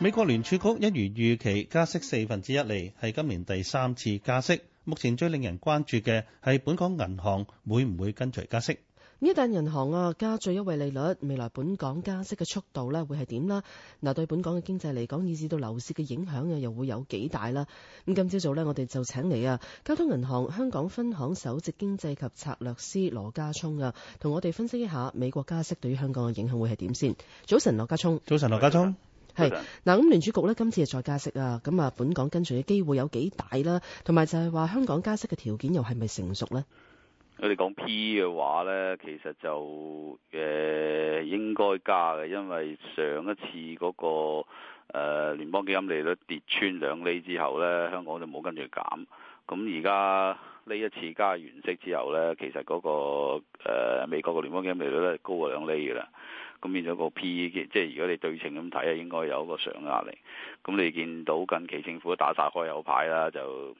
美國聯儲局一如預期加息四分之一厘，係今年第三次加息。目前最令人關注嘅係本港銀行會唔會跟隨加息？一旦銀行啊加最優惠利率，未來本港加息嘅速度咧會係點啦？嗱，對本港嘅經濟嚟講，以至到樓市嘅影響嘅又會有幾大啦？咁今朝早呢，我哋就請嚟啊交通銀行香港分行首席經濟及策略師羅家聰啊，同我哋分析一下美國加息對於香港嘅影響會係點先。早晨，羅家聰。早晨，羅家聰。係，嗱咁聯儲局咧今次係再加息啊，咁啊本港跟隨嘅機會有幾大啦，啊？同埋就係話香港加息嘅條件又係咪成熟咧？我哋講 P 嘅話咧，其實就誒、呃、應該加嘅，因為上一次嗰個誒、呃、聯邦基金利率跌穿兩厘之後咧，香港就冇跟住減，咁而家。呢一次加完息之後咧，其實嗰、那個、呃、美國個聯邦基金利率咧高過兩厘嘅啦，咁變咗個 P E，即係如果你對稱咁睇啊，應該有一個上嘅壓力。咁你見到近期政府都打曬開口牌啦，就誒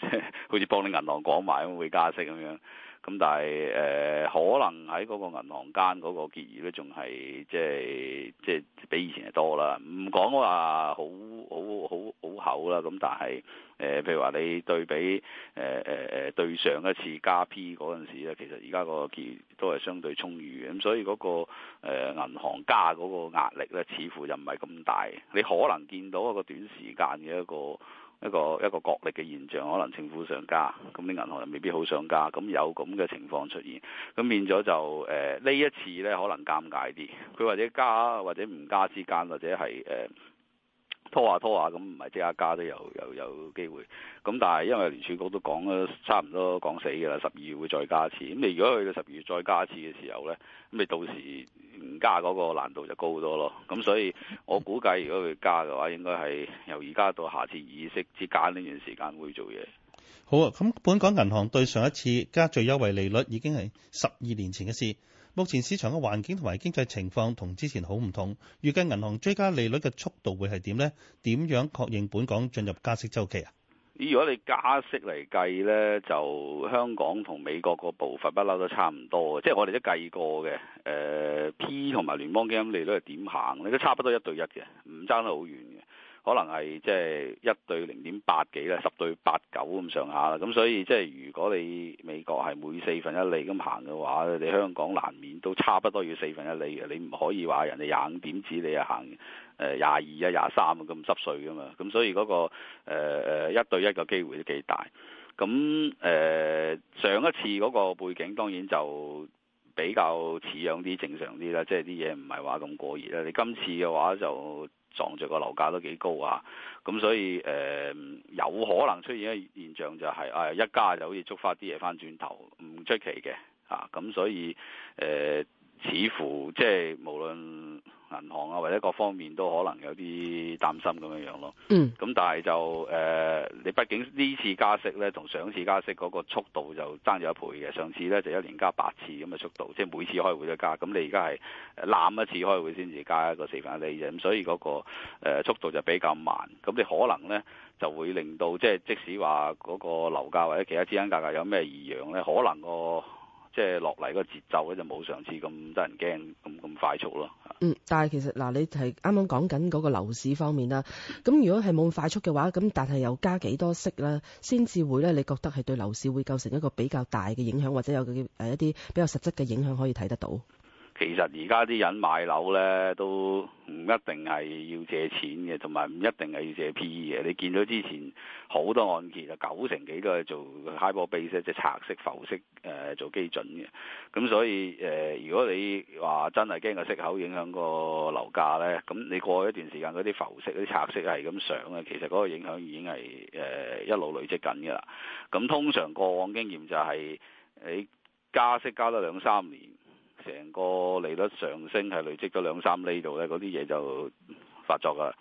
即係好似幫你銀行講埋咁會加息咁樣。咁但係誒、呃，可能喺嗰個銀行間嗰個結餘咧，仲係即係即係比以前係多啦。唔講話好好。有啦，咁但係，誒、呃，譬如話你對比，誒誒誒，對上一次加 P 嗰陣時咧，其實而家個結都係相對充裕嘅，咁所以嗰、那個誒銀、呃、行加嗰個壓力咧，似乎就唔係咁大。你可能見到一個短時間嘅一個一個一個角力嘅現象，可能政府上加，咁啲銀行又未必好想加，咁有咁嘅情況出現，咁變咗就，誒、呃、呢一次咧可能尷尬啲，佢或者加或者唔加之間，或者係誒。拖下拖下，咁唔係即刻加都有有有機會。咁但係因為聯儲局都講咗差唔多講死㗎啦，十二月會再加一次。咁你如果去到十二月再加一次嘅時候咧，咁你到時唔加嗰個難度就高好多咯。咁所以我估計如果佢加嘅話，應該係由而家到下次議息之間呢段時間會做嘢。好啊，咁本港銀行對上一次加最優惠利率已經係十二年前嘅事。目前市場嘅環境同埋經濟情況同之前好唔同。預計銀行追加利率嘅速度會係點呢？點樣確認本港進入加息周期啊？如果你加息嚟計呢，就香港同美國個步伐不嬲都差唔多，即係我哋都計過嘅。誒、呃、P 同埋聯邦基金利率係點行？你都差不多一對一嘅，唔爭得好遠。可能係即係一對零點八幾啦，十對八九咁上下啦。咁所以即係如果你美國係每四分一厘咁行嘅話，你香港難免都差不多要四分一厘嘅。你唔可以話人哋廿五點子，你啊行誒廿二啊廿三咁濕碎噶嘛。咁所以嗰個誒誒一對一嘅機會都幾大。咁誒上一次嗰個背景當然就。比較似樣啲正常啲啦，即係啲嘢唔係話咁過熱啦。你今次嘅話就撞着個樓價都幾高啊，咁所以誒、呃、有可能出現嘅現象就係、是、誒、啊、一家就好似觸發啲嘢翻轉頭，唔出奇嘅啊。咁所以誒、呃，似乎即係無論。銀行啊，或者各方面都可能有啲擔心咁樣樣咯。嗯。咁但係就誒、呃，你畢竟呢次加息咧，同上次加息嗰個速度就爭咗一倍嘅。上次咧就一年加八次咁嘅速度，即、就、係、是、每次開會都加。咁你而家係攬一次開會先至加一個四分一嘅，咁所以嗰個速度就比較慢。咁你可能咧就會令到即係、就是、即使話嗰個樓價或者其他資產價格有咩異樣咧，可能、那個。即係落嚟嗰個節奏咧，就冇上次咁得人驚，咁咁快速咯。嗯，但係其實嗱，你係啱啱講緊嗰個樓市方面啦。咁如果係冇快速嘅話，咁但係又加幾多息啦，先至會咧？你覺得係對樓市會構成一個比較大嘅影響，或者有嘅誒一啲比較實質嘅影響可以睇得到？其實而家啲人買樓咧都。唔一定係要借錢嘅，同埋唔一定係要借 P E 嘅。你見到之前好多案件啊，九成幾都係做 HIBOR、即係拆息、浮息，誒做基準嘅。咁所以誒、呃，如果你話真係驚個息口影響個樓價呢，咁你過一段時間嗰啲浮息、啲拆息係咁上嘅，其實嗰個影響已經係誒、呃、一路累積緊嘅啦。咁通常過往經驗就係、是、你加息加多兩三年。成個利率上升，係累積咗兩三厘度咧，嗰啲嘢就發作㗎。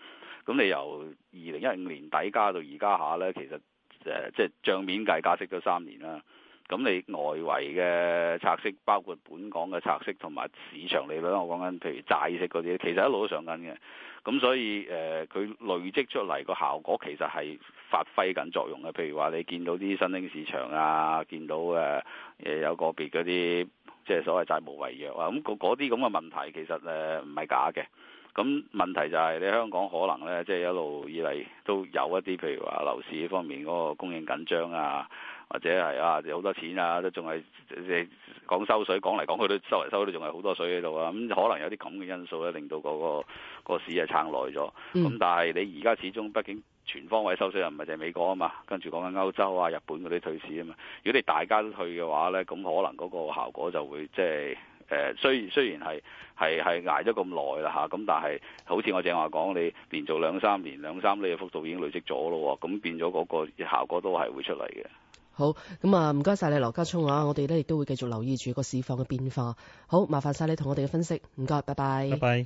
咁你由二零一五年底加到而家下咧，其實誒、呃、即係帳面計加息咗三年啦。咁你外圍嘅拆息，包括本港嘅拆息同埋市場利率，我講緊譬如債息嗰啲，其實一路都上緊嘅。咁所以誒，佢、呃、累積出嚟個效果其實係發揮緊作用嘅。譬如話你見到啲新興市場啊，見到誒誒、呃、有個別嗰啲。即係所謂債務違約啊，咁嗰啲咁嘅問題其實誒唔係假嘅。咁問題就係你香港可能咧，即係一路以嚟都有一啲，譬如話樓市方面嗰個供應緊張啊，或者係啊好多錢啊，都仲係講收水，講嚟講去都收嚟收去，都仲係好多水喺度啊。咁可能有啲咁嘅因素咧，令到嗰個個市啊撐耐咗。咁但係你而家始終畢竟。全方位收水又唔係淨係美國啊嘛，跟住講緊歐洲啊、日本嗰啲退市啊嘛。如果你大家都退嘅話咧，咁可能嗰個效果就會即係誒，雖雖然係係係捱咗咁耐啦嚇，咁但係好似我正話講，你連續兩三年兩三年嘅幅度已經累積咗咯喎，咁變咗嗰個效果都係會出嚟嘅。好，咁啊唔該晒你，羅家聰啊，我哋咧亦都會繼續留意住個市況嘅變化。好，麻煩晒你同我哋嘅分析，唔該，拜拜。拜拜。